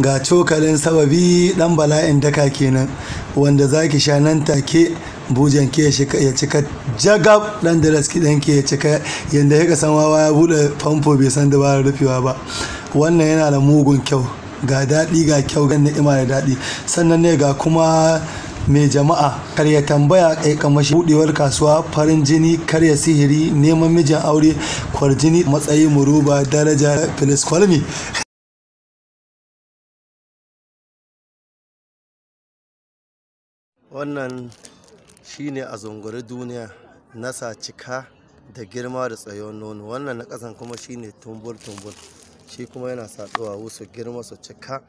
ga cokalin sababi ɗan bala'in daka kenan wanda zaki sha nan take bujan ke ya cika jagab dan da raski dan ke ya cika yadda ya san wawa ya buɗe famfo bai san dabarar rufewa ba wannan yana da mugun kyau ga daɗi ga kyau ga ni'ima da daɗi sannan ne ga kuma mai jama'a karya tambaya kai kamashi budewar kasuwa farin jini karya sihiri neman mijin aure kwarjini matsayi muruba daraja filiskwalmi wannan shine a zunguri duniya nasa cika da girma da tsayon nono wannan na kasan kuma shine tumbul-tumbul shi kuma yana sa duwawu su girma su cika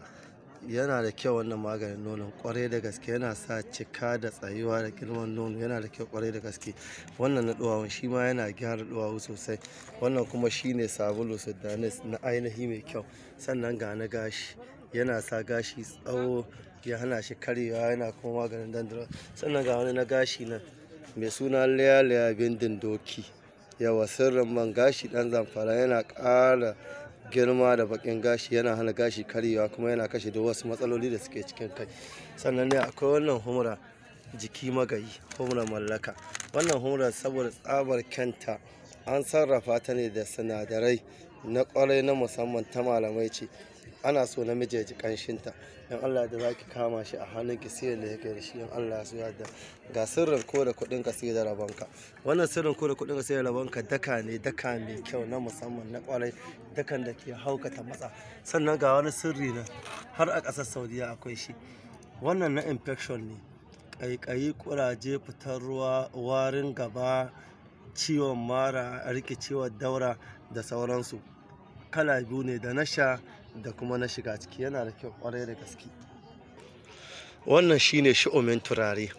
yana da kyau wannan maganin nonon kwarai da gaske yana sa cika da tsayuwa da girman nono yana da kyau kwarai da gaske wannan na duwawun shi ma yana gyara duwawu sosai wannan kuma shine sabulu sudanis na ainihi mai kyau sannan ga na gashi yana sa gashi tsawo ya hana shi karewa yana kuma maganin dandruff sannan ga wani na gashi nan mai suna laya-laya bindin doki yawa sirrin man gashi dan zamfara yana ƙara girma da bakin gashi yana hana gashi karyewa kuma yana kashe da wasu matsaloli da suke cikin kai sannan ne akwai wannan humra jiki magayi humra mallaka wannan humra saboda tsabar kyanta an sarrafa ta ne da sinadarai na kwarai na musamman ta malamai ce ana so namiji ya ji ta. in Allah da za ki kama shi a hannun ki sai da ya da shi in Allah su yarda ga sirrin ko da kuɗin ka sai da rabonka wannan sirrin ko da kuɗin ka sai da rabonka daka ne daka mai kyau na musamman na kwarai dakan da ke hauka ta matsa sannan ga wani sirri na har a ƙasar Saudiya akwai shi wannan na infection ne ƙaiƙayi kuraje fitar ruwa warin gaba ciwon mara a rikicewar daura da sauransu kala biyu ne da nasha da kuma na shiga ciki yana da kyau kwarai da gaske wannan shine shi'umin turare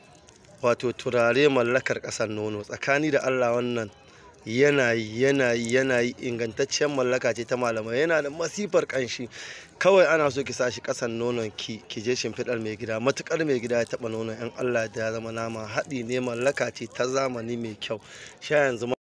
wato turare mallakar ƙasar nono tsakani da allah wannan yanayi yanayi yanayi ingantacciyar mallaka ce ta malamai yana da masifar kanshi kawai ana so ki sashi kasan nonon ki ki je shimfiɗar mai gida matukar mai gida ya taɓa nonon yan Allah da ya zama nama haɗi ne mallaka ce ta zamani mai kyau sha yanzu